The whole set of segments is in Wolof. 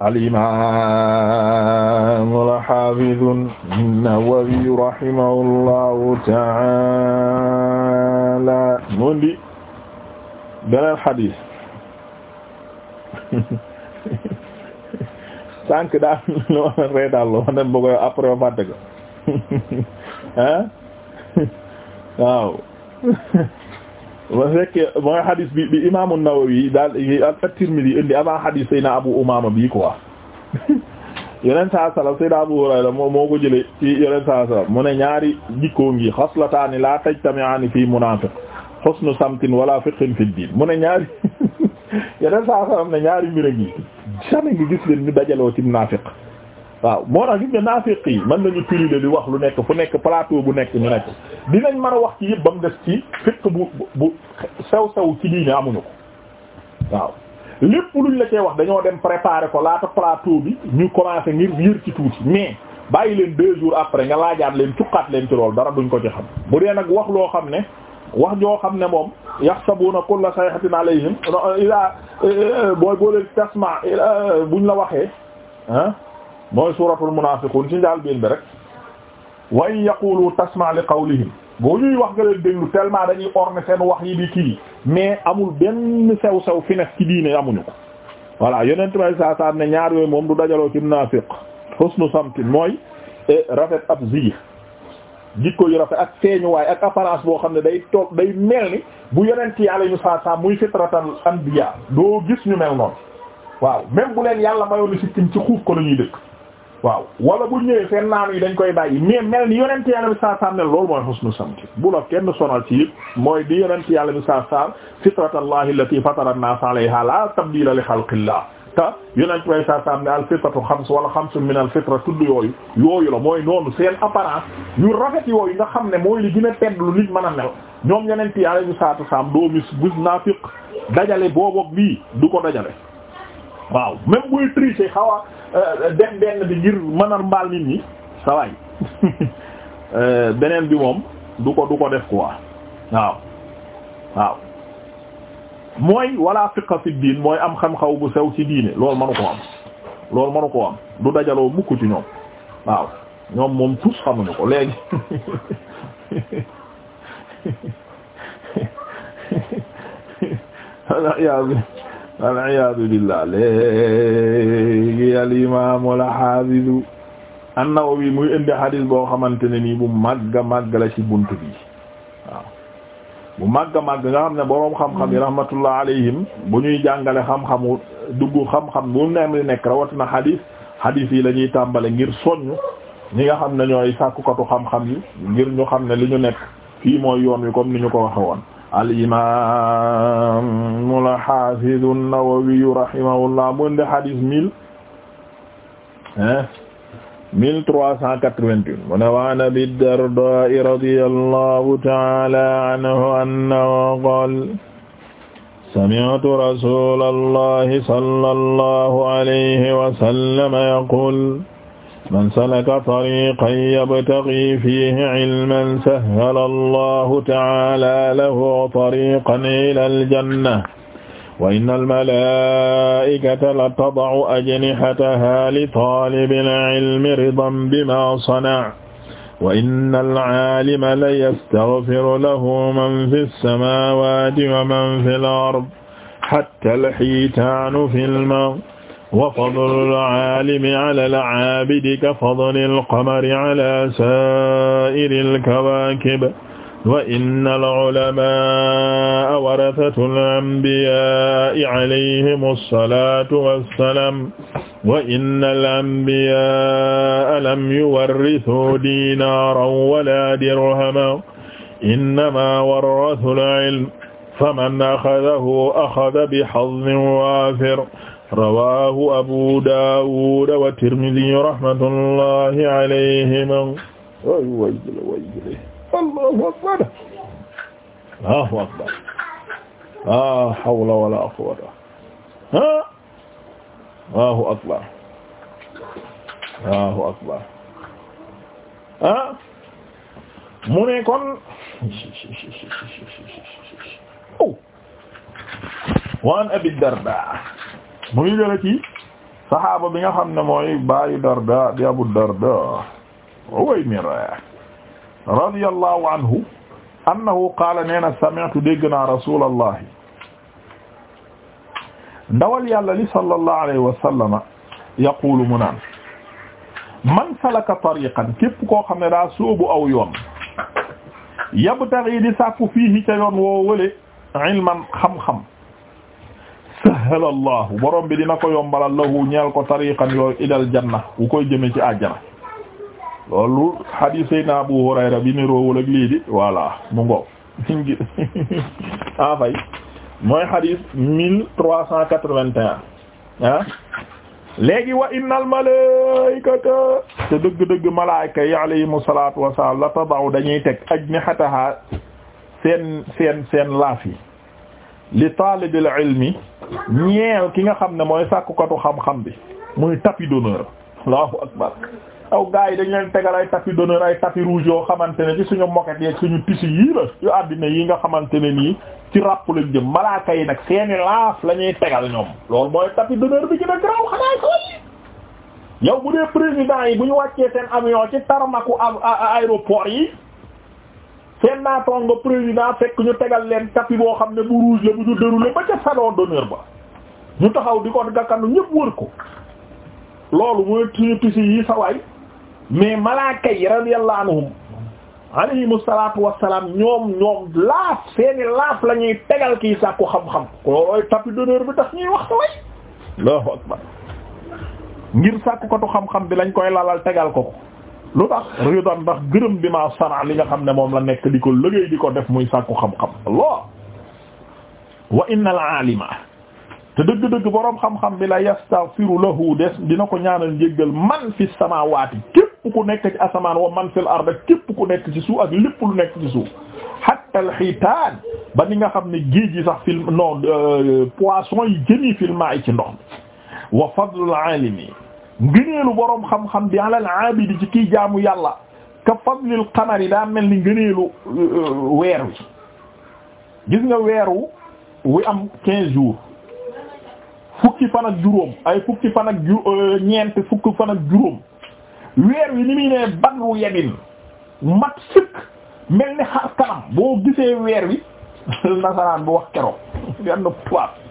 al-imaam al-haafiz an-Nawawi rahimahullahu ta'aala moo di beneen xadis lu ma rey daal lu ma dem ba koy après ma fàtte ba fekkee ba nga xadis bi bi imaamu Nawawi daal at-Tirmidhi indi avant Abu Umaama bii quoi yeneen saa salaam Seydina Abu Hurayra moo moo ko jëlee ci yeneen saa salaam mu ñaari jikkoo ngi xaslataani laa tajtami'aani fii munaafiq husnu samtin wala fiqhin fi diin mu ne ñaari yeneen ne ñaari mbir a ngi jamais nga gis waaw moo tax gis nga yi mën nañu pirile di wax lu nekk fu nekk plateau bu nekk ñu nekk dinañ mën a wax ci yëpp ba mu def ci fiq bu bu sew sew ci diine amuñu ko waaw lépp luñ la cee wax dañoo dem préparer ko laata plateau bi ñu commencé ngir yër ci tuuti mais bàyyi leen deux jours après nga laajaat leen cuqaat leen ci loolu dara duñ ko ci xam bu dee nag wax loo xam ne wax joo xam ne moom yaxsabuna kulla sayhatin alayhim ila eh, eh, eh, booy boo leen tasma buñ la waxee ah mooy suuratul munaafiqun ci njaal biin bi rek wa in yaqulu tasma li qawlihim boo ñuy wax nga leen déglu tellement dañuy orne seen wax yi di kii mais amul benn sew sew fi nekk ci diine amuñu ko voilà yonent bay saa saa ne ñaar yooyu moom du dajaloo ci munaafiq husnu samtin mooy eh, rafet ab ziyir jikko yu rafet ak feeñuwaay ak apparence boo xam ne day toog day mel ni bu yonent yàlla ñu saa saa muy fitratal anbiya doo gis ñu mel noonu waaw même bu leen yàlla mayoon na sikkim la ñuy dëkk waaw wala bu ñëwee seen naanu yi dañ koy bàyyi mais mel ni yonent yàlla bi saa saam ne loolu mooy husnu samti bu la kenn sonal ci yëpp mooy di yonent yàlla bi saa saam fitratallahi allati fatara an-nas alayha la tabdila li xalqillah te yonent bay saa saam ne al fitratu xams wala xamsu min al fitra tudd yooyu yooyu la mooy noonu seen apparence yu rafet yooyu nga xam ne mooy li gën a tedd lu nit mën a mel ñoom yonent yàlla bi saa saam doo mis gis naafiq dajale boobu bii du ko dajale waaw même buy tricher xaw a euh, def bi ngir mën a mbaal nit ñi sa euh, beneen bi moom du ko du ko def quoi waaw waaw mooy wala fiqa fi diin mooy am xam-xaw bu sew ci diine loolu manu ko am loolu manu ko am du dajaloo mukk ci ñoom waaw ñoom moom tous xamuñu ko léegi waliyaadu billah léegi al imaamu al xaafidu an-Nawawi muy indi xadis boo xamante ne nii bu màgga màgg la ci bunt bi waaw bu màgga màgg nga xam ne boroom xam-xam yi mm. rahmatullah alayhim bu ñuy jàngale xam-xamu dugg xam-xam bu neem li nekk rawatina xadis xadis yi la ñuy tàmbale ngir soññ ñi nga xam ne ñooy sàkkukatu xam-xam yi ngir ñu xam ne li ñu nekk fii mooy yoon wi comme ni ñu ko waxe woon al-imaam al-haafiz an-Nawawi rahimahullah mu indi hadis mille mille trois cent quatre-vingt-un mu ne wa an Abi Dardaa radiyallahu ta'ala anhu annahu qaala sami'tu rasuulallahi sallallahu alayhi wa sallam yaqul man salaka tariqan yabtaghi fihi ilman sahhala allahu ta'ala lahu tariqan ila aljanna wa inna almalaikata la tada'u ajnihataha li talibil ilmi ridan bima sana'a wa inna al'alima la yastaghfiru lahu man fi as-samawati wa man fil ardi hatta al-hitanu fil ma' wa fadlul aalimi alal aabidi ka fadlil qamari ala saa'iril kawaakib wa innal ulamaa'a warasatul anbiyaa'i alayhimu salaatu wa salaam wa innal anbiyaa'a lam yuwarrisuu diinaaran walaa dirhaman innamaa warasul ilm faman axadahu axada bi hazzin waafir rawaahu abu daawud wa tirmidi rahmatullahi alayhima way way way allahu akbar allahu akbar la hawla wala quwwata ha allahu akbar allahu akbar ha mu ne kon waan abi darda mu ngi jële ci saxaaba bi nga xam ne mooy baayu darda di abu darda Uwaymir radiyallahu anhu annahu qaala nee na sami'tu dégg naa rasulallahi ndawal yàlla li sallallahu alayhi wa sallama yaqulu mu naan man salaka tariqan képp koo xam ne daa sóobu aw yoon yabtaghi di sàkku fiihi ca yoon woo wële ilman xam-xam sahhala allahu borom bi dina ko yombalal lahu ñeel ko tariqan yooyu ilal janna wu koy jëme ci àjjana loolu hadis sayna Abu Hurayra bi ni roowul ak lii di voilà mu ngo ñi a fay mooy hadis mille trois cent quatre-vingt-un ah léegi wa innal malaykata te dëgg-dëgg malayka yi alayhimu salaatu wa la tada'u dañuy teg ajnihataha seen seen seen laaf li taalibil ilmi ñeel ki nga xam ne mooy sàkkukatu xam-xam bi muy tapis d'honneur allahu akbar aw gars yi dañ leen tegal ay tapis d'honneur ay tapis rouge yoo xamante ne ci suñu moquette yeeg suñu tissu yii la yu àddina yi nga xamante ne nii ci ràpp lañ jëm malaaka yi nag seeni laaf la ñuy tegal ñoom loolu mooy tapis d'honneur bi ci na graw xanaa sooy yow bu dee président yi bu ñu wàccee seen avion ci tarmaku aéroport yi seen naataango président fekk ñu tegal leen tapis boo xam ne bu rouge la bu ñu déroulé ba ca salon d'honneur ba ñu taxaw di ko gàkkandu ñëpp wër ko loolu mooy tiye tisi yi sawaay mais malaaka yi radiyallahu anhum salaatu wassalaam ñoom ñoom laaf seeni laaf la ñuy tegal kii sàkku xam-xam loolooy tapis d'honneur bi tax ñuy wax sawaay Allahu akbar ngir sàkkukatu xam-xam bi lañ koy lalal tegal ko ko lu tax ridan ndax gërëm bi ma sana li nga xam ne moom la nekk di ko liggéey di ko def muy sàkku xam-xam Allah wa inna al alima te dëgg-dëgg boroom xam-xam bi la yastaghfiru lahu des dina ko ñaanal njéggal man fi samawati képp ku nekk a samaan wa man fil ard képp ku nekk ci suuf ak lépp lu nekk ci suuf hatta al ba ni nga xam ne géej gi sax fil non euh, poisson yi jën yi ci ndox wa fadlul alimi ngëneelu boroom xam-xam bi alal abidi ci kii jaamu yàlla ka fadlil qamari daa mel ni ngëneelu euh, weer wi gis nga weeru wi am quinze jours fukki fan ak juróom ay fukki fan euh, ñeent fukki fan juróom weer wi ni muy nee badru yadin mat sëkk mel ni xar kanam boo gisee weer wi nasaraan bu wax keroog yan na tubaab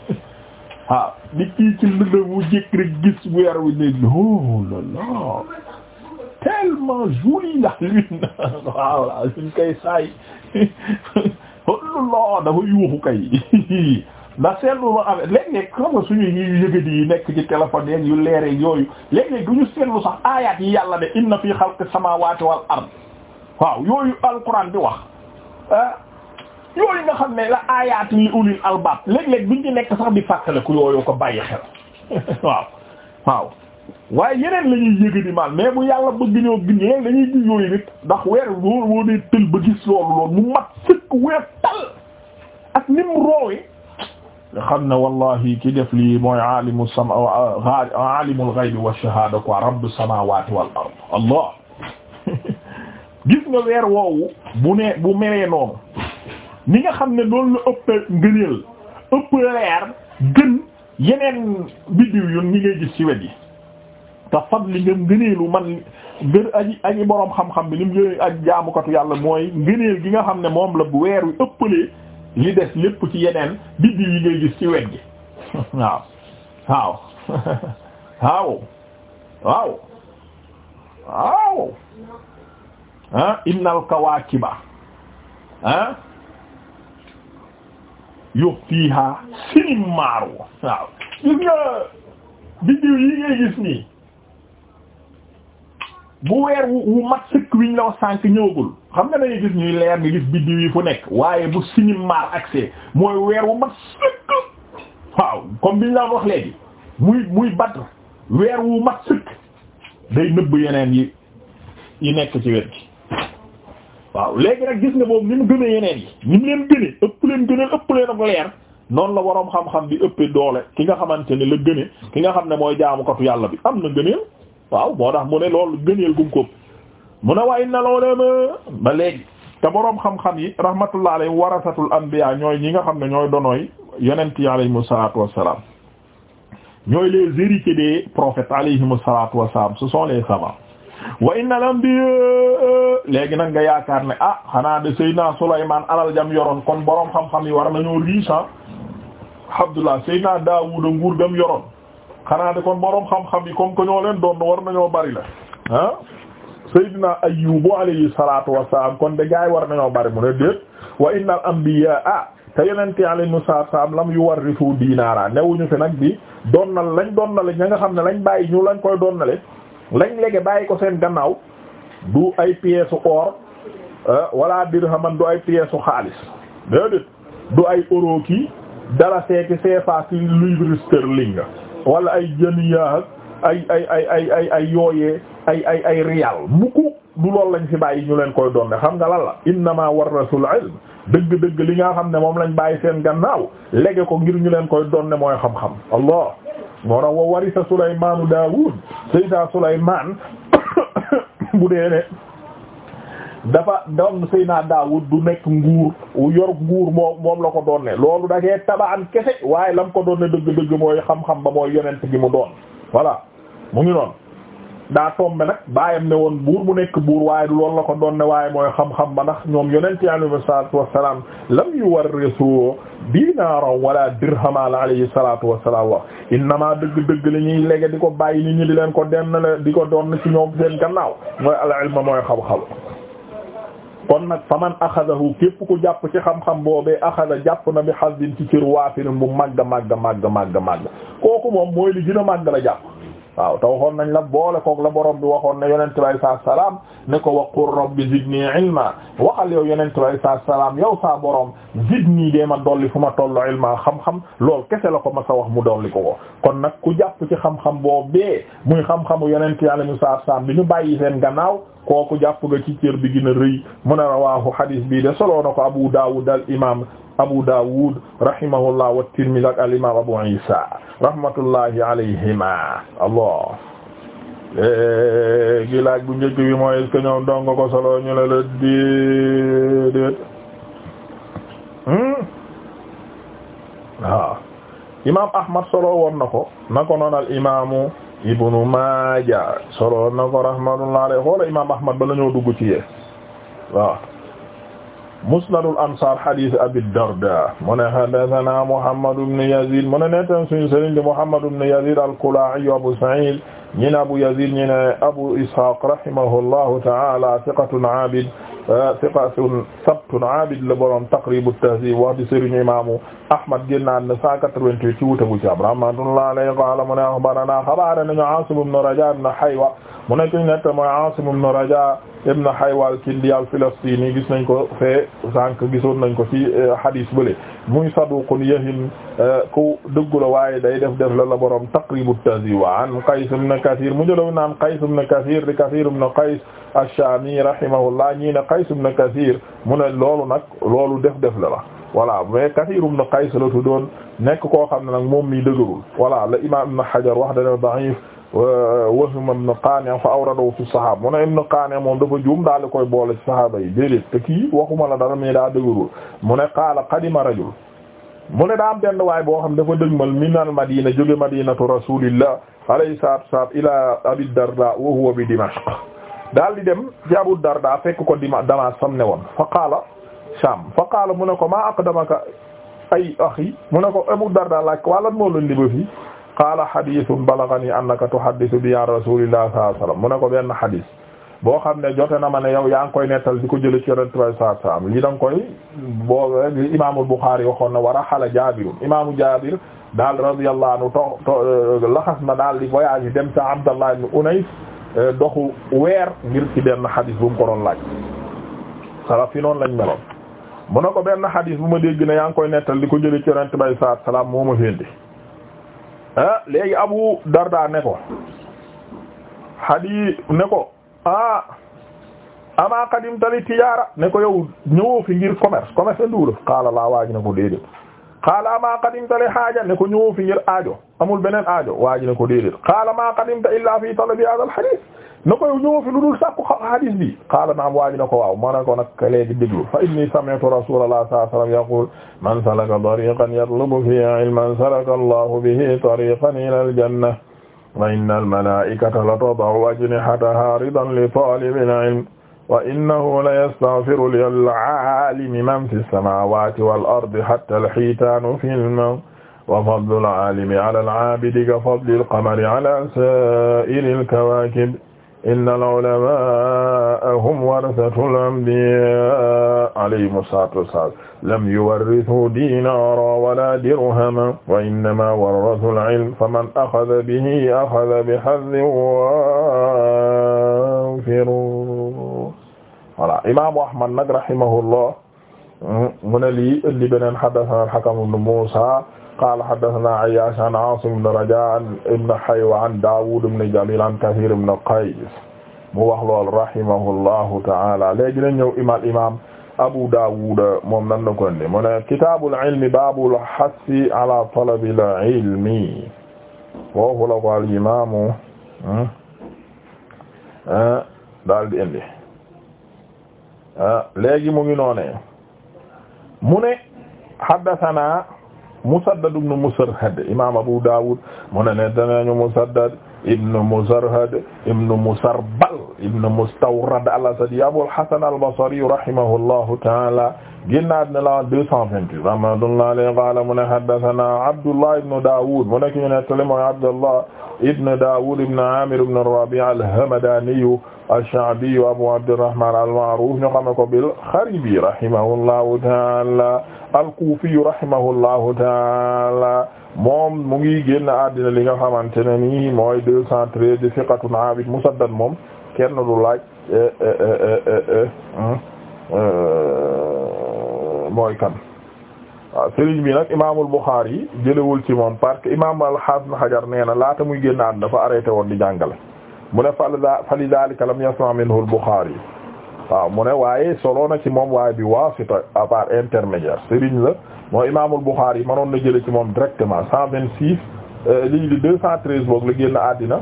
waaw di kii ci lëndëm mu jékk rek gis weer wi ne oh là là tellement joli la lune waaw la lune kay saay looloo oh, dafa yuuxu kay nekk ci téléphone yeeg yu leere yooyu léeg-léeg du ñu seetlu sax aayaat yi yàlla ne inna fi xalqi samawati wal ard waaw yooyu alquran di wax ah yooyu nga xam ne la aayaatu li ulil albaab léeg-léeg buñ ci nekk sax di fàttaliku yooyu ko bàyyi xel waaw waaye yeneen la ñuy yëga di maan mais bu yàlla bëgg ñoo gin yeen dañuy gis yooyu nit ndax weer loolu boo dee gis loolu loolu mu mat sëkk weer tal ak nim roowe nga xam ne wallahi ki def lii mooy alimu sama alimul allah gis nga weer woowu bu ne bu noonu ni nga xam ne loolu la ëpp ngëneel ëpp leer gën yeneen biddiw yu ñi ngay gis ci wet yi te fadli ngam ngëneelu man gën aji aji boroom xam-xam bi li mu jëlee ak jaamukatu yàlla mooy ngëneel gi nga xam ne moom la bu weer wi ëppalee li des lépp ci yeneen biddiw yi ngay gis ci wet gi waaw waaw waaw waaw waaw ah innal yox fiiha sinimaaru waaw gis nga ngay gis nii bu weer wu mat sëkk wiñ la wax sànk ñëwagul xam nga dañuy gis ñuy leer nga gis biddiw yi fu nekk waaye bu sinimaar accès mooy weer wu mat sëkk waaw comme biñ la wax léegi muy muy Badr weer wu mat sëkk day nëbb yeneen yi yi nekk ci wet gi waaw léegi nag gis nga moom ni mu gënee yeneen yi ni mu leen gënee ëpp leen gëneel ëpp leen ak leer noonu la waroom xam-xam bi ëppee doole ki nga xamante ne la gëne ki nga xam ne mooy jaamukatu yàlla bi am na gëneel waaw moo tax mu ne loolu gëneel gu ko mu ne waaye na loolee ba léegi te boroom xam-xam yi rahmatullah alayhi warasatul anbiya ñooy ñi nga xam ne ñooy donooy yonent yi alayhimu salaatu wassalaam ñooy les héritiers des prophètes alayhimu salaatu wassalaam ce su les savants wa innal bi léegi nag nga yaakaar ne ah xanaa de Seydina Sulaymaan alal jam yoroon kon borom xam-xam yi war nañoo riche ah. Abdullah Seydina Daawuda nguur gam yoroon xanaa de kon borom xam-xam yi comme que ñoo leen doon war nañoo bari la ah Seydina Ayyubu alayhi salaatu wassalaam kon de gaay war nañoo bari mu ne déet wa innal anbiya ah te yonente alayhimu salaam lam yu yuwarrisu diinaara newuñu fi nag bi doon na lañ doon na ña nga xam ne lañ bàyyi ñu lañ koy doon lañ lege bàyyi ko seen gannaaw du ay pièces or euh, wala dirham du ay pièces xaalis déedéet du ay euro ki dara seeki CFA ci livre sterling wala ay janiya ay ay ay ay ay ay yooyee ay ay ay riyal mukku du loolu lañ fi bàyyi ñu leen koy doonne xam nga lan la innama warasul ilm dëgg-dëgg li nga xam ne moom lañ bàyyi seen gannaaw lége ko ngir ñu leen koy doonne mooy xam-xam allah moo tax wa warisa Souleymane Daoud Seydina Souleymane bu dee ne dafa doon Seydina Daoud du nekk nguur yor nguur moom moom la ko doon ne loolu da ngay tabaan kese waaye la mu ko doon ne dëgg-dëgg mooy xam-xam ba mooy yenent gi mu doon voilà mu ngi noonu. daa tombe nag baayam ne woon buur bu nekk buur waaye du loolu la ko doon ne waaye mooy xam-xam ba ndax ñoom yonent alayhi salaatu wassalaam lam yuwarrisu dinaaran wala dirhaman alayhi salaatu wassalaam wax innama dëgg-dëgg li ñuy di ko bàyyi nit ñi di leen ko denn di ko doon ci ñoom seen gannaaw mooy al-ilma mooy xam-xam kon nag fa man axadahu képp ku jàpp ci xam-xam boobee axada jàpp na bi xasdin ci cër waafirin bu màgg màgg màgg màgg màgg waaw te waxoon nañ la boole kook la boroom bi waxoon ne yonent bi saa salaam ne ko wa qur rabbi zidni ilma waxal yow yonent bi saa salaam yow saa borom zidni dee ma dolli fu ma tollu ilma xam-xam lool kese la ko ma sa wax mu dolli ko ko kon nag ku jàpp ci xam-xam boo bee muy xam-xamu yonent yàlla ñu saa saam bi ñu bàyyi seen gannaaw. kooku jàpp nga ci cër bi gën a rëy mun a rawaahu hadis bii de solo na ko Abu Dawud al imam Abu Dawud rahimahullah wa Tirmidhi ak al imam Abu Isa rahmatullahi alayhima allah gi laaj bu njëkk bi mooy est dong ko solo ñu la la déedéet waaw hmm? ah. imam Ahmad solo woon na ko na ko noon al imamu ibnu Maaja solo na ko rahmatullah alayhi xoola imam ahmad ba la ñoo dugg ci yee waaw musnadul ansaar hadith abi darda mu ne haddathana muhammad ibn yazid mu ne netan suñu sëriñ di muhammad ibn yazid al-Qulaa'i abu sa'id ñi ne abu yazid ñi ne abu ishaq rahimahullahu ta'ala thiqatun abid thiqatun sabtun abid le borom taqrib at-tahdhib wax di sëriñu imaamu Ahmad génn na 188 ci wuute bu ci am rahmatullahi alayhi qaala mu ne axbarana xabaare nañu Aasim ibn Raja ibn Haywa mu nekk ñu nekk mooy Aasim ibn Raja ibn Haywa al-Kindi al-Filistini gis nañ ko fee sànq gisoon nañ ko ci hadis eh, bële muy saduqun yahin eh, ku dëggu waaye day def def la la borom Taqrib at-Tahzib an Qays ibn Kathir mu jëloon naan Qays ibn Kathir di Kathir ibn Qays ash-Shami rahimahullah ñii ne Qays ibn Kathir mu loolu nag loolu def def la la. voilà mais Kathir ibn Qays la tuddoon nekk koo xam ne nag moom mi dëgërul voilà la imam Ibn Hajar wax dana da'if euh, Wahm ibn Qani' fa awradahu fi sahaaba mu ne ibn Qani' moom dafa juum daal di koy boole ci sahaaba yi déedéet te kii waxuma la dara mais daa dëgërul mu ne qaala qadima rajul mu ne daa am benn waay boo xam dafa dëgmal min al madina jóge madinatu rasulillah alayhi salatu wassalam ila Abi Darda wa huwa bi Dimashq daal di dem ci Abu Darda fekk ko dima Damas sam ne woon fa qaala Sham fa qaala mu ne ko maa aqdamaka ay axi mu ne ko Abu eh, Darda laaj ko waalan moo la ndiba fii qaala hadithun balaghani annaka tuhaddisu bi ya rasulillah sallallahu alayhi wasallam mu ne ko benn hadith boo xam ne jote na ma ne yow yaa ngi koy nettal di ko jële ci yonent bi sallallahu alayhi wasallam lii da nga koy boo li imaamul Bukhari waxoon na war a xala Jaabirun imaamu Jaabir daal radiyallahu anhu to to laxas na daal di voyage yi dem sa Abdallah ibn Unays eh, doxu weer ngir ci benn hadith bu mu ko doon laaj salaf yi noonu lañ meloon mu ne ko benn xadis bu ma dégg na yaa koy nettal di ko jëlee ci yonent bay saa salaam moo ma féndi ah léegi Abu Darda ne ko xadis ne ko ah ama qadim tali tijaara ne ko yow ñëwoo fi ngir commerce commerce andiwul xaala laa waaj ne ko déedéet xaala maa qadimta li xaaja ne ko ñëw fi ngir aajo amul beneen aajo waa ji ne ko déedéet xaala maa qadimta illaa fi talabi hadha al hadith ne ko ñëw fi lu dul sàkku hadith bi xaala naam waa ji ne ko waaw ma ne ko nag léegi déglu fa inni sami'tu rasulullah sallallahu alayhi wasallam yaqul man salaka tariqan yatlubu fihi ilman salaka allahu bihi tariqan ila al janna wa inna al malaikata la tada'u ajnihataha ridan li talibin ilm wa innahu la yastaghfiru lil aalimi man fi samaawaati wal ardi hatta al hitaanu fil maw wa fadlul aalimi ala al aabidi ka fadlil qamari ala saa'iril kawaakib innal ulamaa'a hum warasatul anbiyaa alayhimu salaatu wassalaam lam yuwarrisuu diinaaran walaa dirhaman wa innamaa warasul ilm faman akhadha bihi akhadha bihazzin waafirin voilà imaamu Ahmad nag rahimahullah mu ne lii indi beneen haddathana al-Hakam ibn Musa qaala haddathana Ayyash an Asim ibn Raja' ibn Haywa an Dawud ibn Jalil an Kathir ibn Qays mu wax lool rahimahullahu ta'ala léegi la ñëw imaam imaam Abu Dawud moom nan la ko indi mu ne kitaabul ilmi baabul hassi ala talabil ilmi foofu la ko al imaamu hmm, eh, daal di indi Ah, léegi mu ngi noonee mu ne haddathana Musaddad ibn Musarhad imam Abu Dawud mu ne nettanañu Musaddad ibn Muzarhad ibn Musarbal ibn Mustawrad al-Asadi Abul Hasan al-Basri rahimahullahu ta'ala génnaat na la 228 rahmatullahi alayhi qala mu ne haddathana Abdullah ibn Dawud mu nekk ñu nettali mooy Abdullah ibn Dawud ibn Amir ibn Rabi' al-Hamadani ash-Sha'bi Abu Abdirrahman al-ma'ruf ñu xame ko bil Kharibi rahimahullahu ta'ala al-Kufi rahimahullahu ta'ala moom mu ngi génn àddina li nga xamante ne nii mooy deux cent treize di fiqatun abid musaddad moom kenn lu laaj eh, eh, eh, hmm, mooy kan waaw sëriñ bi nag imaamul Buxaari yi jëlewul ci moom parce que imaam al-Hasan Hajar nee na laata muy génn àddina dafa arrêté woon di jàngale mu ne fa li daalika lam yasma minhu al-Buxaari waaw mu ne waaye solo na ci moom waaye bi waasita à part intermédiaire Serigne la mooy Imaamul Bukhari yi mënoon na jële ci moom directement cent vingt six euh, li di deux cent treize boog la génn àddina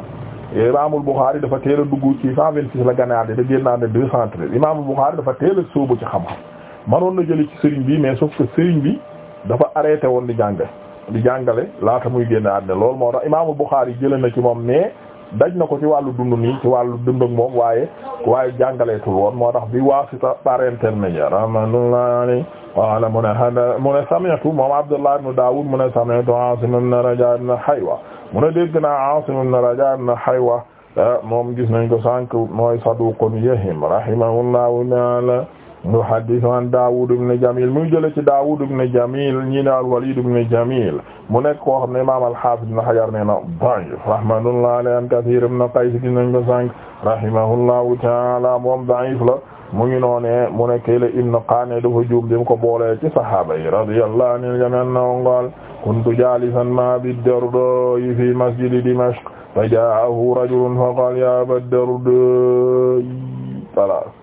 Imaamul Bukhari dafa teel a dugg ci cent vingt six la gane àddina génn àddina deux cent treize Imaamul Bukhari dafa teel a sóobu ci xam-xam manoon na jële ci Serigne bi mais sauf que Serigne bi dafa arrêté woon di jànge di jàngale laata muy génn àddina loolu moo tax Imaamul Bukhari jële na ci moom mais daj na ko ci wàllu dund nii ci wàllu dund ak moom waaye waaye jàngaleetul woon moo tax bi waasita par intermédiaire rahmatullah alayhi qaala mu ne hada mu ne sami'tu moom Abdullah ibn Daawud mu ne sami'tu Aasim ibn Rajaa ibn Haywa mu ne dégg naa Aasim ibn Rajaa ibn Haywa eh, moom gis nañ ko sànq mooy saduqun yahim rahimahullahu ta'ala mu haddis an Daawud ibn Jamil mu ngi jëlee ci Daawud ibn Jamil ñii ne al-Walid ibn Jamil mu nekk koo xam ne imaam al-Hafiz ibn Hajar nee na da'if rahmatullahi alayhi an Kathir ibn Qays gis nañ ko sànq rahimahullahu ta'ala moom da'if la mu ngi noonee mu nekk le Ibn Qane dafa juum bi mu ko boolee ci sahaaba yi radiyallahu anil jamii'an qaal kuntu jaalisan ma'a Abi Dardaa fi masjidi Dimashq fa jaa'ahu rajulun fa qaala yaa Aba Dardaa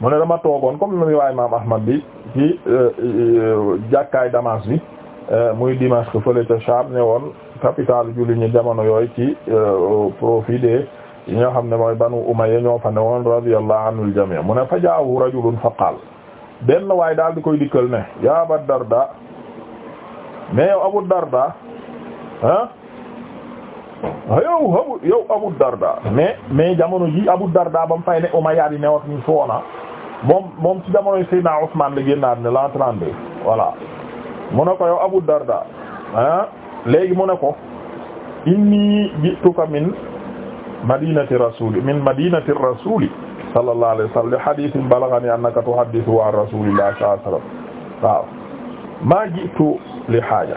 mu ne dama toogoon comme riwaay imaam Ahmad bi ci euh, euh, jàkkaay Damas bi euh, muy Dimashq fële ca Sham ne woon capitale julli ñi jamono yooyu ci profit de yi nga xam ne mooy Banu Umayya ñoo fa ne woon radiyallahu anil jami' mu ne fa jaawu rajulun fa qaal benn waay daal di koy dikkal ne ya Abu Darda mais yow Abu Darda ah yow Abu Darda mais mais jamono ji Abu Darda ba mu fay ne Umayya di newat ñu soona moom moom ci jamonoy Seydina Ousmane la génnaat ne l'an 32 voilà mu ne ko yow Abu Darda ah léegi mu ne ko inni ji'tuka min madinati rasuli min madinati rasuli sallallahu alayhi wa sallam li hadithin balaghani annaka tuhaddithu an rasulillahi sallallahu alayhi wa sallam waaw maa ji'tu li haaja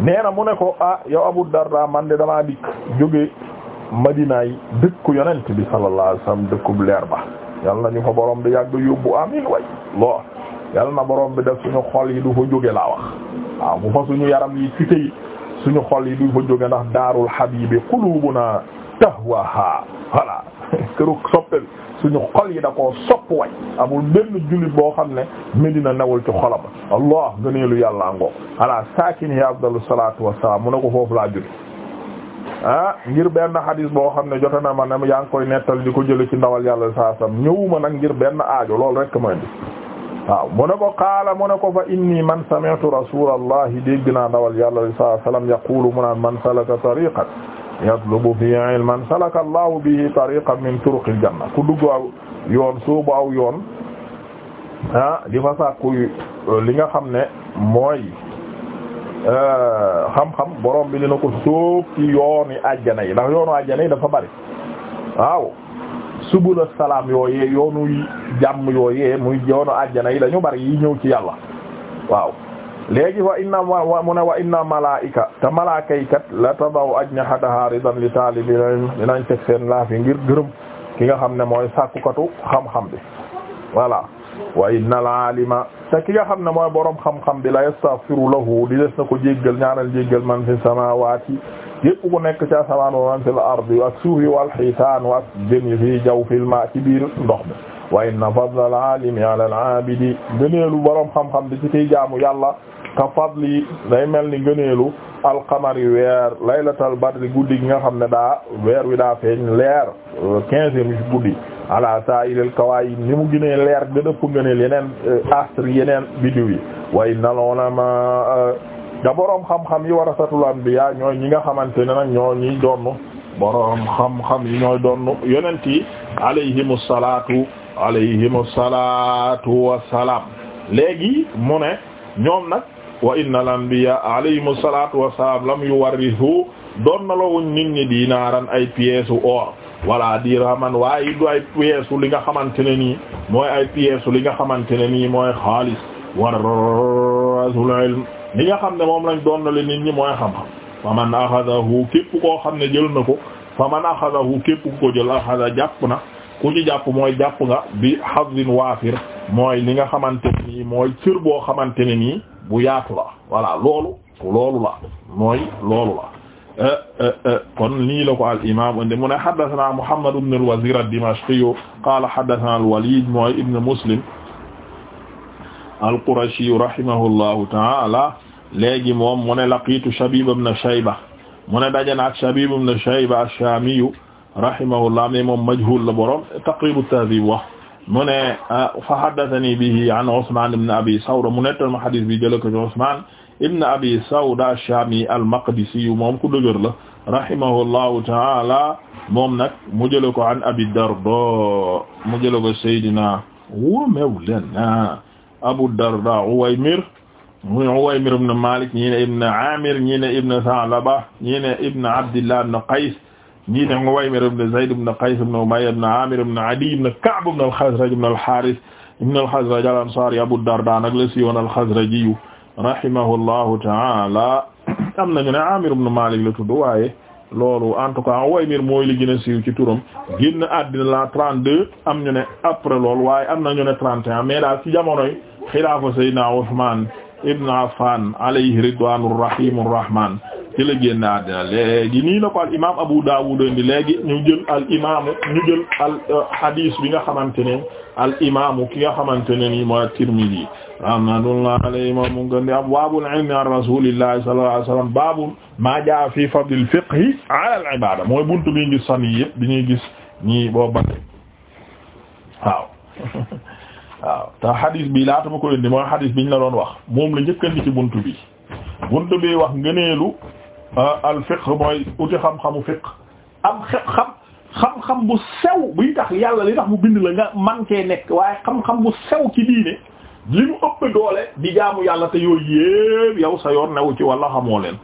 nee na mu ne ko ah yow Abu Darda man de damaa dikk jóge madinaay dëkku yonent bi sallallahu alayhi wa sallam dëkkub leer ba yal na ñu fa borom bi yàgg yóbbu amin way loo yal na borom bi def suñu xol yi du fa jóge laa wax waaw bu fa suñu yaram yi cité yi suñu xol yi du fa jóge ndax yi daarul habibi qulubuna tahwaha voilà këru soppe suñu xol yi da ko sopp way amul benn jullit boo xam ne Medina nawul ci xolam allah lu yàlla ngoo ala saakini ya afdalu salatu wasalaam mu ne ko foofu laa julli ah ngir benn hadis boo xam ne jota na ma ne yaa ngi nettal di ko jële ci ndawal yàlla saa sam ñëwuma nag ngir benn aajo loolu rek mooy di waaw mu ne ko qaala mu ko fa inni man sami'tu rasulallahi dégg naa ndawal yàlla saa sallam yaqulu mu naan man salaka tariqan yatlubu fihi ilman salaka allahu bihi tariqan min turuqil janna ku dugg yoon soobu yoon ah di fa sàkku li nga xam ne mooy xam-xam borom bi dina ko sóob ci yooni àjjana yi ndax yoonu àjjana yi dafa bari waaw subula salaam yooyee yoonu jàmm yooyee muy yoonu àjjana yi dañu bari yi ñëw ci yàlla waaw léegi wa inna wa mu ne wa inna malaika te malaaka yi kat la tabaw ajnahataha ridan li taalibi dinañ teg seen laaf yi ngir gërëm ki nga xam ne mooy sàkkukatu xam-xam bi voilà wa inna alaalima te ki nga xam ne mooy borom xam-xam bi la yastaghfiru lahu di des na ko jéggal ñaanal jéggal man fi samaawaati yépp ku nekk ci asamaan wa man fil ardi ak suuf yi wal hiisaan wa ak jën yi fii jaww fil maa ci biir ndox mi wa inna fadla al-aalimi ala al-aabidi gëneelu boroom xam-xam bi ci kiy jaamu yàlla ka fadli day mel ni gëneelu alqamari weer laylatal badri guddi gi nga xam ne daa weer wi daa feeñ leer quinzième guddi ala sa'ilil kawaayib ni mu gënee leer gën a ëpp gëneel yeneen euh, astre yeneen biddiw yi wa inna al-ulamaa euh, da boroom xam-xam yi warasatul anbiya ñooy ñi nga xamante ne nag ñoo ñiy doon boroom xam-xam yi ñooy doon yonent yi alayhimu alayhimu salaatu wassalaam léegi mu ne ñoom nag wa inna al anbiya alayhimu salaatu wassalaam lam yuwarrisu doon na lowuñ nit ñi diinaaran ay pièces u or wala dirhaman waaye du ay pièces li nga xamante ne nii mooy ay pièces li nga xamante ne nii mooy xaalis warasul ilm li nga xam ne moom lañ doon na le ñi mooy xam-xam fa man axadahu képp koo xam ne jël na ko fa man axadahu képp ko jël axada jàpp na ku ci jàpp mooy jàpp nga bi hazin waafir mooy li nga xamante ne nii mooy cër boo xamante ne nii bu yaatu la voilà loolu loolu la mooy loolu la euh, euh, euh, kon nii la ko al imam ande mu ne hadathana Muhammad ibn al-Wazir ad-Dimashqi qala hadathana al-Walid mooy ibn Muslim al-Qurashi rahimahullahu ta'ala léegi moom mu ne laqitu Shabib ibn Shayba mu ne daje na ak Shabib ibn Shayba ash-Shami rahimahullah mais moom majhul la borom taqribu tahdib wax mu ne ah, fa haddathani bihi an Usman ibn Abi Sawda mu nettal ma hadis bi jële ko ci Usman ibn Abi Sawda Shami al-Maqdisi moom ku dëgër la rahimahullahu ta'ala moom nag mu jële ko an Abi Darda mu jële ko Seydina wa mawlana ah, Abu Darda Uwaymir muy Uwaymir ibn Malik ñi ne ibn Amir ñi ne ibn Sa'laba ñi ne ibn Abdillah ibn Qays ñii ne Uwaymir ibn Zayd ibn Qays ibn Umayya ibn Amir ibn Adiy ibn Ka'b ibn al-Khazraj ibn al-Harith ibn al-Khazraj al-Ansari Abu Darda nag la siiwoon al-Khazraji rahimahullahu ta'ala am nañu ne Amir ibn Malik la tudd waaye loolu en tout cas Uwaymir mooy li gën a siiw ci turam génn àddina la 32 am ñu ne après loolu waaye am nañu ne 31 mais daal ci jamonoy xilaafa Sayyidina Uthman ibn Affan alayhi ridwanur rahimur rahman ci la nii la ko Abu Dawud indi léegi ñu jël al imaamu euh, bi nga xamante ne al ki nga xamante ne nii mooy Tirmidhi rahmatullahi alayhi moom mu ngi gën di abwaabul ilmi an rasuulillahi sallallahu maa jaa fi fadlil fiqhi ala al ibaada mooy buntu bi ñu gis fan yii yëpp bi ñuy gis ñii boo bëri waaw. waaw te bi laata ma ko indi mooy hadis biñ la doon wax moom la njëkkandi ci buntu bi buntu bi wax ngëneelu. Euh, al fiqh mooy uti xam-xamu fiqh am xam xam-xam bu sew buy tax yàlla li tax mu bind la nga man cee nekk waaye xam-xam bu sew ci diine li mu ëpp doole di jaamu yàlla te yooyu yépp yow sa yoon newu ci wala xamoo leen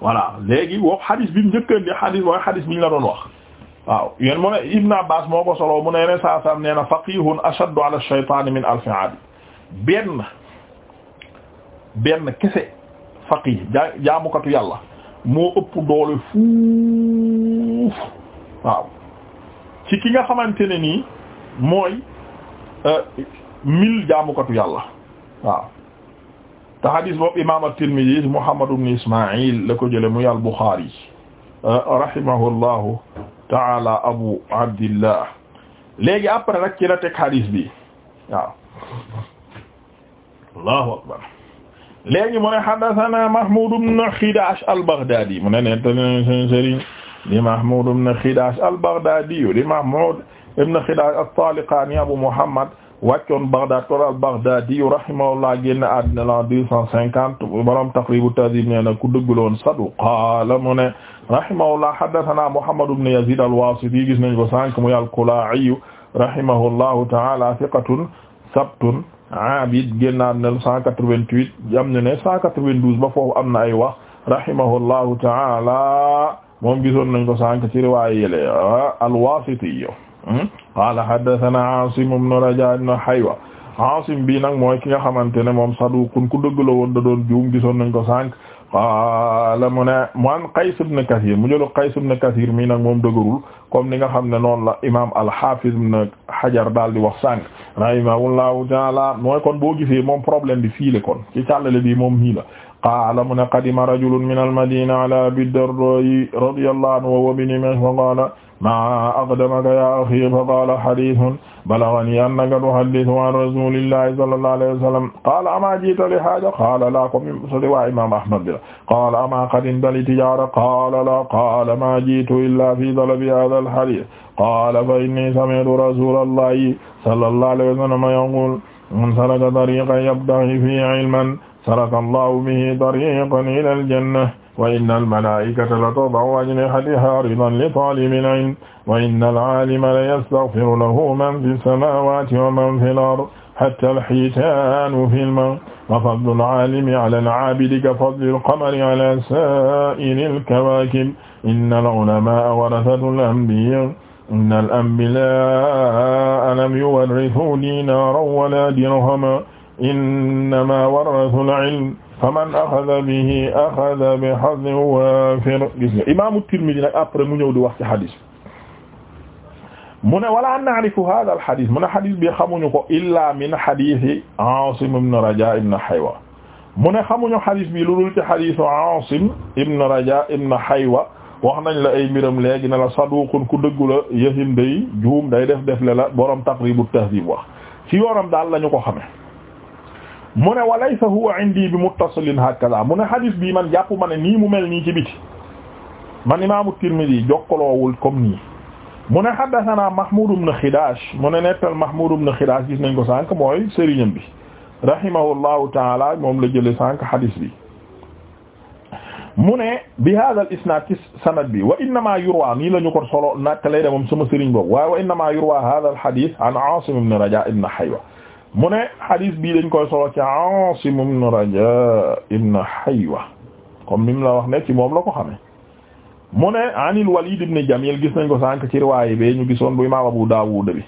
voilà léegi woo xadis bi mu njëkkan di xadis mooy xadis bi ñu la doon wax waaw yéen mu ne Ibn Abbas moo ko soloo mu ne yeneen saa sam nee na faqihun ashaddu ala shaytaani min alfi aadi benn benn kese faqih jaamukatu yàlla moo ëpp doole fuuf waaw ci ki nga xamante ne nii mooy euh, mil jaamukatu yàlla waaw te hadis boobu imam at-Tirmidhi Muhammad ibn Ismaïl la ko jële muy al-Bukhari euh, rahimahullahu taala Abu Abdillah léegi après rek ci la teg hadis bi waaw Allahu akbar léegi mu ne haddathana Mahmoud ibn Khidash al-Baghdadi mu ne ne tane seen sëriñ di Mahmoud ibn Khidash al-Baghdadi di Mahmoud ibn Khidash at-Taliqani Abu Muhammad wàccoon Baghdad toor al-Baghdadi rahimahullah génn àddina la deux cent cinquante borom Taqrib at-Tahdhib nee na ku dëgguloon saduq qaala mu ne rahimahullah haddathana Muhammad ibn Yazid al-Wasiti gis nañ ko sànq muy al-Qula'i rahimahullahu ta'ala thiqatun sabtun abid ah génnaat na a quatre-vingt-huit am ne cent quatre-vingt-douze ba foofu am na ay wax rahimahullahu ta'ala moom gisoon nañ ko sànq ci riwaaya yele al-Wasiti qala haddathana Asim ibn Raja ibn a Asim bii nag mooy ki nga xamante ne moom saduqun ku dëgg la woon da doon juum gisoon nañ ko sànq qaala mu ne man Qays ibn Kathir mu jël Qays ibn Kathir mii nag moom dëgërul comme ni nga xam ne noonu la imaam al-Hafiz ibn Hajar daal di wax sànq rahimahullahu taala mooy kon boo gisee moom problème bi fii la kon ci càllale bi moom mii la qaala mu ne qadima rajulun min al-Madina ala Abi Darda radiyallahu anhu wa huwa bi Dimashq ma aqdamaka ya akhi fa qala hadithun balaghani annaka tuhaddithu an rasulillahi sallallahu alayhi wa sallam qala ama ji'ta li haja qala la ko min riwaya imam ahmad bila qala ama qadimta li tijara qala la qala ma ji'tu illa fi talabi hadha al hadith qala fa inni sami'tu rasulallahi sallallahu alayhi wa sallam yaqul man salaka tariqan yabtaghi fihi ilman salaka allahu bihi tariqan ila al jannah wa inna al-malaa'ikata la tada'u ajnihataha ridan li taalibil ilm wa inna al-aalima la yastaghfiru lahu man fi as-samaawaati wa man fi al-ard hatta al-hitaanu fil ma' wa fadlu al-aalimi ala al-aabidi ka fadli al-qamari ala saa'iri al-kawaakib inna al-ulamaa'a warasatu al-anbiyaa inna al-anbiyaa'a lam yuwarrisuu diinaaran wa laa dirhaman innamaa warrasuu al-ilm faman axada bihi axada bi hadin waafir gis nga imaamu Tirmidi nag après mu ñëw di wax ci xadis mu ne wala naarifu hada al xadis mu ne xadis bi xamuñu ko illa min xadisi Aasim ibn Raja ibn Haywa mu ne xamuñu xadis bi lu dul ci xadisu Aasim ibn Raja ibn Haywa wax nañ la ay mbiram léegi ne la saduqun ku dëggu la yahim day juum day def def le la borom Taqribu Tahdhib wax ci yoonam daal lañu ko xame mu ne wa laysa huwa indi bi muttasilin hakaza mu ne hadis bii man jàpp ma ne nii mu mel nii ci biti man imaamu Tirmidi jokkaloowul comme nii mu ne haddathana Mahmud ibn Khidash mu ne nettal Mahmud ibn Khidash gis nañ ko sànq mooy sëriñam bi rahimahullahu taala moom la jële sànq hadis bi mu ne bi hadha al isnad ci sanad bi wa innama yurwa nii la ñu ko solo nak lay de moom sama sëriñ boobu waaye wa innama yurwa hadha al hadith an Asim ibn Raja ibn Haywa mu ne hadis bii dañ koy solo ci Asim ibn Raja ibn Haywa comme ni mu la wax ne ci moom la ko xamee mu ne anil Walid ibn Jamil gis nañ ko sànq ci riwaaya bi ñu gisoon bu imaam Abu Dawud bi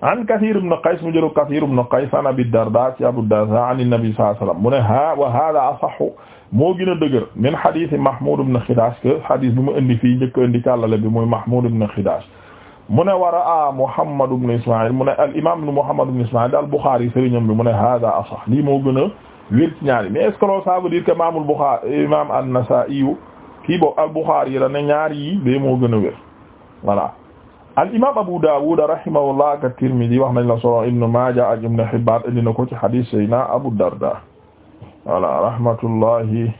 an Kathir ibn Qays mu jëru Kathir ibn Qays an Abi Darda ci Abu Darda an Nabi sallallahu alayhi wasallam mu ne ha wa hada asahhu moo gën a dëgër min hadith Mahmud ibn Khidash que hadith bi mu indi fii njëkk indi kàllale bi muy Mahmud ibn Khidash mu ne war a ah Muhammad ibn Ismaïl mu ne al imaam lu Muhammad ibn Ismaïl al Bukhari sëriñam bi mu ne hada asah lii moo gën a wér ci ñaari mais est-ce que loolu ça veut dire que imaamul Bukhari imaam an-Nasa'i kii boobu al Bukhari la ne ñaar yi bee moo gën a wér voilà. al imaam Abu Dawud rahimahullah ak Tirmidhi wax nañ la solo Ibn Maaja ak Ibn Hibbaan indi na ko ci hadith Seydina Abu Darda voilà rahmatullahi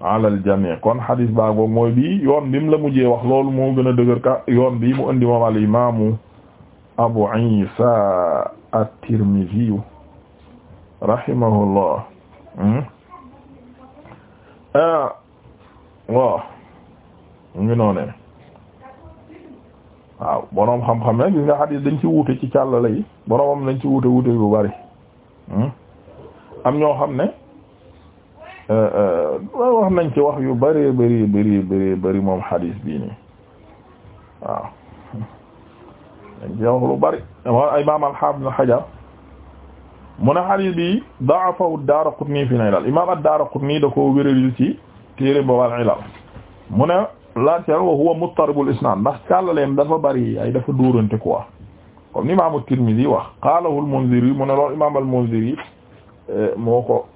alal jamii kon hadis baa ngoog mooy bii yoon bi mu la mujjee wax loolu moo gën a dëgër ka yoon bii mu indi moom al imaamu Abu Isa at-Tirmidhi rahimahullah hmm? ah, waaw mu ngi noonee waaw boroom xam-xam ne gis nga hadis dañ ci wuute ci càllala yi boroomam dañ ci wuute wuute bu bari hmm? am ñoo xam ne wax nañ ci wax yu bëree bëri bëri bëri bëri moom xadis bii nii waaw dañ ci wax lu bëri wa imam al-Hafiz Hajar mu ne xadis bi da'afahu ad-Daraqutni fi al-Ilal imam ad-Daraqutni da ko wéralil ci téere boobu al-Ilal mu ne laateel wa huwa muttaribul isnad ndax càllaleem dafa bëri ay dafa dóorante quoi comme ni imam at-Tirmidhi wax qaalahu al-Munziri mu ne loolu imam al-Munziri eh, moo ko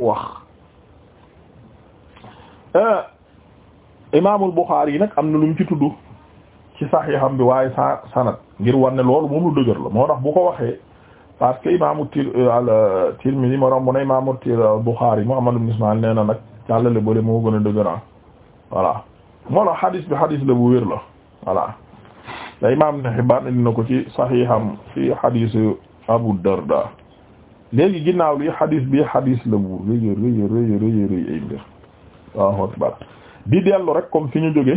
wax Eh, imaamul Buxaari yi nag am na lu mu ci tudd ci saxiixam bi waaye sa sanad ngir wan ne loolu moom lu dëgër la moo tax bu ko waxee parce que imaamu tir euh, al Tirmidi moo tax na ne imaamu tir euh, Buxaari Muhammad ibn Ismaayil nee na nag càllale bële moo gën a dëgëraa ah. voilà moo la xadis bi xadis la bu wér la voilà da imaam Ibn Hibbaan indi na ko ci saxiixam fi xadisu Abu Darda léegi ginnaaw li xadis bi xadis la bu rëy rëy rëy rëy Allahu akbar di dellu rek comme fi ñu jóge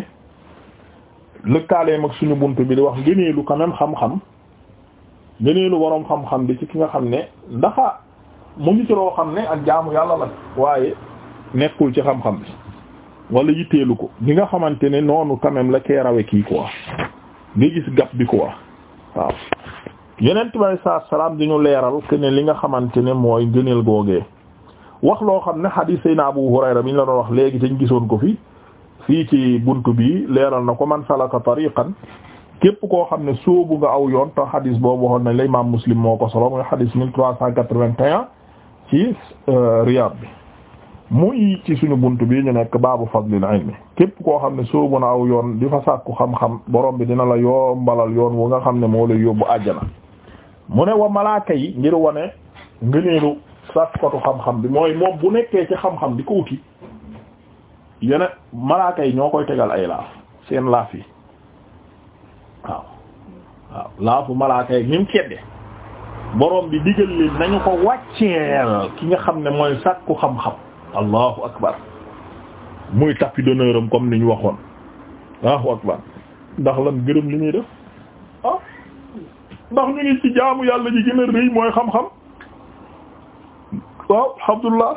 lëkkaale mag suñu bunt bi di wax ngëneelu quand même xam-xam ngëneelu waroom xam-xam bi ci ki nga xam ne ndaxa mu ngi ci loo xam ne ak jaamu yàlla la waaye nekkul ci xam-xam bi wala yitteelu ko ñi nga xamante ne noonu quand la la keerawe kii quoi nga gis gap bi quoi waaw yeneen tubaab salaam di ñu leeral que ne li nga xamante ne mooy ngëneel googee wax loo xam ne hadis na Abu Hurayra mi ñu la doon wax léegi te ñu gisoon ko fi fii ci bunt bi leeral na ko man salaka tariqan képp koo xam ne sóobu nga aw yoon te hadis boobu waxoon na la imaam Muslim moo ko solo mooy hadis mille trois cent quatre-vingt-un ci euh, Riyad bi mu ci suñu bunt bi ñu nekk baabu fadlil ilmi képp koo xam ne sóobu na aw yoon di fa sàkku xam-xam borom bi dina la yombalal yoon wu nga xam ne moo la yóbbu àjjana sàkkatu xam-xam bi mooy moom bu nekkee ci xam-xam di ko wuti yene malaaka yi ñoo koy tegal ay laaf seen laaf yi waaw waaw laafu malaaka yi ñim cedde borom bi digal leen nañu ko wàcceel ki nga xam ne mooy sàkku xam-xam allahu akbar muy tapis d'honneur am comme ni ñu waxoon allahu akbar ndax lan gërëm li ñuy def ah ndax ñu ngi ci jaamu yàlla ji gën a rëy mooy xam-xam waaw Abdullah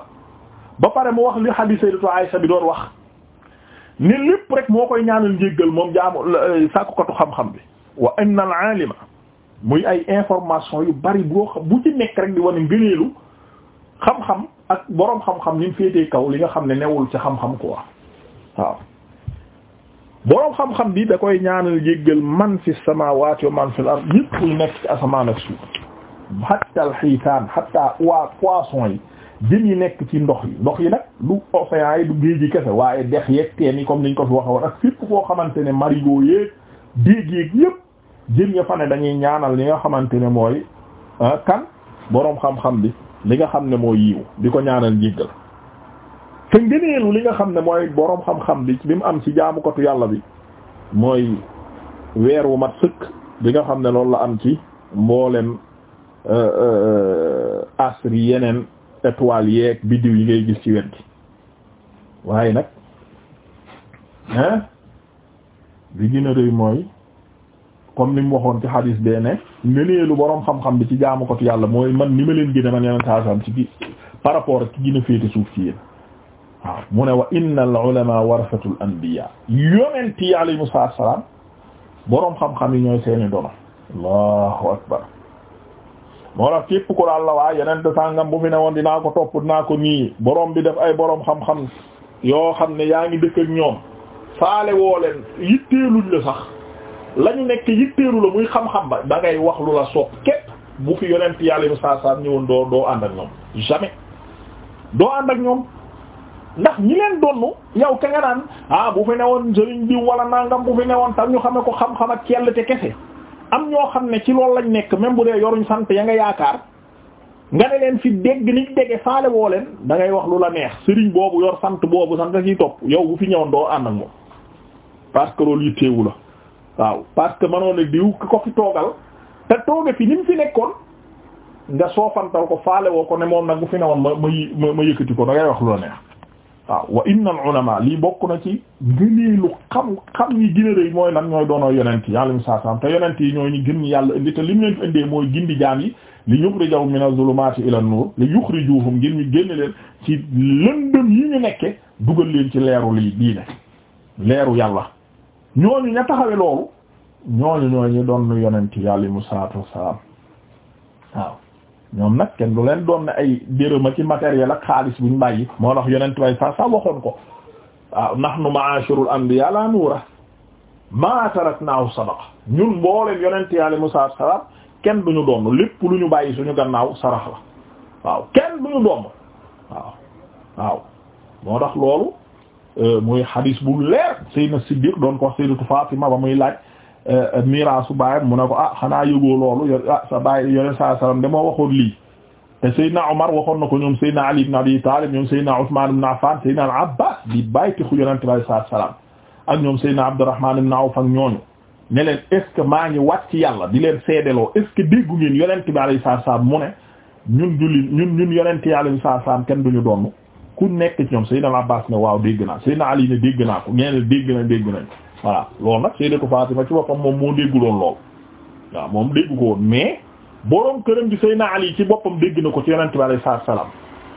ba pare mu wax li hadith Sayyidatu Aisha bi doon wax ni lépp rek moo koy ñaanal njéggal moom jaamu euh, sàkkukatu xam-xam bi wa inna al-aalima muy ay information yu bari boo xam bu ci nekk rek di wane ngëneelu xam-xam ak boroom xam-xam ni mu kaw li nga xam ne newul ci xam-xam quoi waaw boroom xam-xam bi da koy ñaanal jéggal man fi samawati wa man fil ard yépp kuy nekk ci asamaan ak suuf hatta al-hiitaan hatta waa poisson yi jën yi nekk ci ndox yi ndox yi nag du océan yi du géej gi kese waaye dex yeeg teen yi comme niñ ko fi waxee woon ak fépp koo xamante ne marigot yeeg déeg yeeg yëpp jën ya fa ne dañuy ñaanal li nga xamante ne mooy ah, kan boroom xam-xam bi li nga xam ne mooy yiw di ko ñaanal njéggal te ngëneelu li nga xam ne mooy boroom xam-xam bi bi mu am ci jaamukatu yàlla bi mooy weer wu mat sëkk bi nga xam ne loolu la am ci mboolem Euh, euh, asri yeneen étoiles yeeg biddiw yi ngay gis ci wet gi waaye nag hein bi gën a mooy comme ni mu waxoon ci xadis bee ne ngëneelu boroom xam-xam bi ci jaamukatu yàlla mooy man ni ma leen gën a man yeneen saasam ci par rapport ak ci a féete suuf ci yéen waaw mu ne wa inna al ulama warasatul anbiya yonent yi alayhimu salaam boroom xam-xam yi ñooy seeni dono allahu akbar moo tax képp ku daal la waa yeneen de sàngam bu fi ne woon dinaa ko topp dinaa ko nii borom bi def ay boroom xam-xam yoo xam ne yaa ngi dëkk ak ñoom faale woo leen yitteeluñ la sax la ñu nekk yitteelu la muy xam-xam ba da wax lu la sopp képp bu fi yonent yàlla yu saa saa ñëwoon doo doo ànd ak ñoom jamais doo ànd ak ñoom ndax ñi leen donnu yow ka nga naan ah bu fi newoon sëriñ bi wala nangam bu fi newoon tam ñu xamee ko xam-xam ak kell te kese. am ñoo xam ne ci loolu lañ nekk même bu dee yoruñ sant ya nga yaakaar nga ne leen fi dégg niñ dégge faale woo leen da ngay wax lu la neex sëriñ boobu yor sant boobu sant ciy topp yow bu fi ñëwoon doo ànd ak moom parce que loolu yitteewu la waaw parce que mënoon ne diw ki ko fi toogal te tooge fi ni fi nekkoon nga soofantal ko faale woo ko ne moom nag bu fi newoon ma ma ma yëkkati ko da ngay wax lu la neex waaw wa inna al ulama lii bokk na ci ngëneelu xam-xam yi gën a mooy lan ñooy doonoo yonent yi alayhimu salaam te yonent yi ñooy ñu gën yàlla indi te lim leen fi indee mooy gindi jaam yi li yuxrijaw min az-zulumaati ila an-nuur li yuxrijuhum ngir ñu génne leen ci lëndëm yi ñu nekke dugal leen ci leeru li diine leeru yàlla ñooñu ña taxawe loolu ñooñu ñooñu doon yonent yi alayhimu salaatu wa salaam waaw ñoom nag kenn du leen doom ne ay dërëm ci matériel ak xaalis buñ bàyyi moo tax yonent way sa sa waxoon ko waaw nahnu ma'ashirul anbiya la nuura ma taraknaahu sadaqa ñun mbooleen yonent yàlla Musaa salaam kenn duñu doon lépp lu ñu bàyyi suñu gannaaw sarax la waaw kenn duñu doon waaw waaw moo tax loolu euh, muy xadiis bu leer Seydina Siddiq doon ko wax Sayyidatu Fatima ba muy laaj Euh, miraasu baayam mu ne ko ah xanaa yëgoo loolu yo ah sa baay yoneen saa sallam damoo waxoon lii te Seydina Omar waxoon na ko ñoom Seydina Ali ibn Abi Talib ñoom Seydina Ousmane ibn Affan Seydina al Abbas di bàyyi ci yonent bi alayhi salaatu salaam ak ñoom Seydina Abdourahmane ibn Awf ak ñooñu ne leen est-ce que maa ngi ci yàlla di leen seedeloo est-ce que déggu ngeen yonent bi alayhi salaatu salaam mu ne ñun julli ñun ñun yonent yàlla bi salaatu salaam kenn duñu doon ku nekk ci ñoom Seydina al Abbas ne waaw dégg naa Seydina Ali ne dégg naa ko ñeneen dégg na dégg nañ voilà loolu nag Sayyidatu Fatima ci boppam moom moo dégguloon lool waaw moom déggu ko woon mais boroom këram gi Sayyidina Ali ci boppam dégg na ko ci Yonent bi alayhi salaam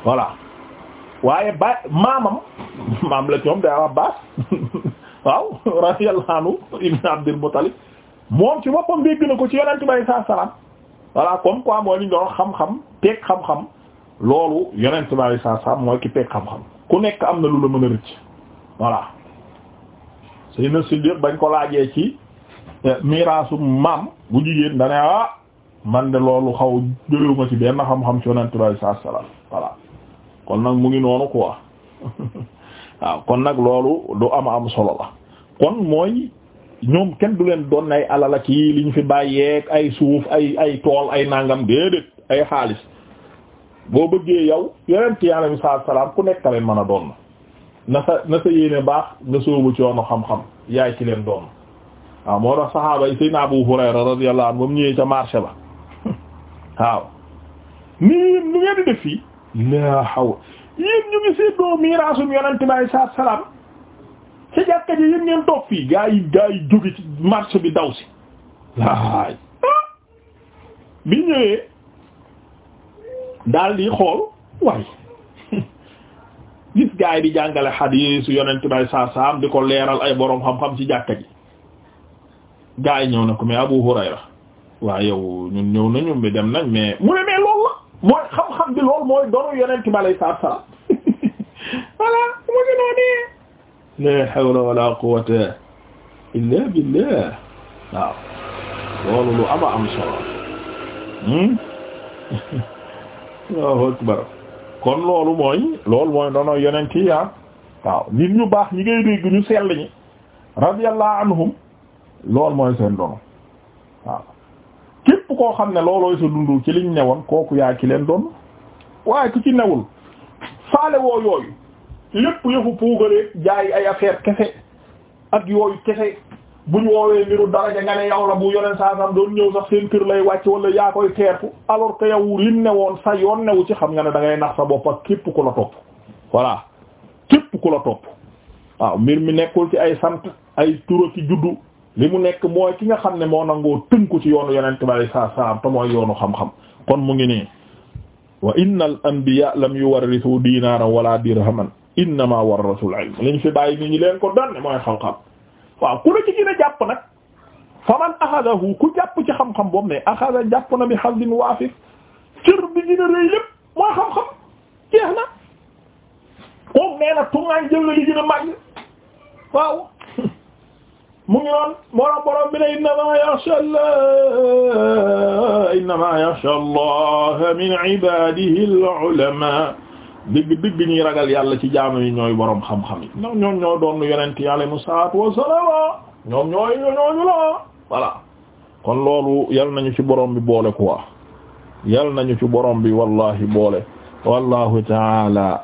voilà waaye ba maamam maam la ñoom day Abbaas waaw radiyallahu anhu ibn Abdul Muttalib moom ci boppam dégg na ko ci Yonent bi alayhi salaam voilà comme quoi mooy li ñu doon xam-xam teg xam-xam loolu Yonent bi alayhi salaam mooy ki teg xam-xam ku nekk am na lu la mën a rëcc voilà. si Siddiq bañ ko laajee ci eh, miraasu maam bu jigéen dane ah man de loolu xaw jëlewuma ci benn xam-xam ci Yonent bi sallallahu alayhi voilà kon nag mu ngi noonu quoi waaw kon nag loolu du am am solo la kon mooy ñoom kenn du leen doon ay alal ak yi li ñu fi bàyyeeg ay suuf ay ay tool ay nangam déedéet ay xaalis boo bëggee yow Yonent Yàlla sallallahu alayhi wasallam ku nekk leen mën a doon. na sa na sa yéene baax nga sóobu ci yoonu xam-xam yaay ci leen doon waaw moo tax saxaaba yi Seydina Abu Hurayra radiyallahu anhu ba mu ñëwee ca marché ba waaw ni yéen lu ngeen di def fii laa xaw yéen ñu ngi séddoo miraasum yonente bi alayhi ci jàkka ngeen toog fii gaa yi gaa yi jóge ci bi daw si laay ah! bi ñëwee daal di xool waaye gis gaa yi di jàngale xadiisu yonent bay saa saam di ko leeral ay boroom xam-xam ci jàkka ji gaa yi ñëw na ko mais Abu Hurayra waaw yow ñun mi dem nañ mais mu la mooy xam-xam bi mu ngi noonee la hawla wala quwwata illa billah waaw loolu lu ama am solo hmm? Allahu akbar kon loolu mooy loolu mooy doono yonent yi ah waaw nit ñu baax ñi ngay dégg ñu sell ñi radiyallahu anhum loolu mooy seen doono waaw képp koo xam ne loolooy sa dundu ci liñ newoon kooku yaa ki leen doon waaye ku ci newul faale woo yooyu lépp yëfu puugalee jaay ay affaire kese ak yooyu kese bu ñu woowee mbiru daraja nga ne yow la bu yoneen saa sam doon ñëw sax seen kër lay wàcc wala yaa koy teertu alors que yow lim ne woon sa yoon newu ci xam nga ne dangay ngay nax sa bopp képp ku la topp voilà képp ku la waaw mbir mi nekkul ci ay sant ay tura ci juddu li mu nekk mooy ki nga xam ne moo nangoo tënku ci yoonu yonent bi alei saa salaam te mooy yoonu xam-xam kon mu ngi nii wa inna al anbiya lam yuwarrisu dinaaran wala dirhaman innama warasul ilm liñ fi bàyyi ni ñi leen ko waaw ku la ci gën a jàpp nag fa man axadahu ku jàpp ci xam-xam boobu ne axada jàpp na bi xasdin waafir cër bi gën a rëy lépp moo xam-xam jeex na koom nee na tugaan jël na li gën a màgg waaw mu ngi noon borom borom bi ne innama yaxsha Allah innama yaxsha Allah min ibadihi al-ulama dëgg dëgg ñuy ragal yàlla ci jaam yi ñooy borom xam-xam yi ñoom ñoo doon yonent yàlla mu salaatu wa salaama ñoom ñooy ñooñu la voilà kon loolu yal nañu ci borom bi boole quoi yal nañu ci borom bi wallahi boole wallahu taala